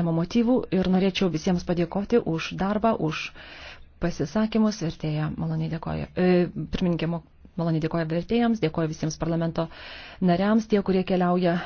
motyvų ir norėčiau visiems padėkoti už darbą, už pasisakymus. Vertėja maloniai dėkoja, e, pirmininkė maloniai dėkoja vertėjams, dėkoja visiems parlamento nariams, tie, kurie keliauja.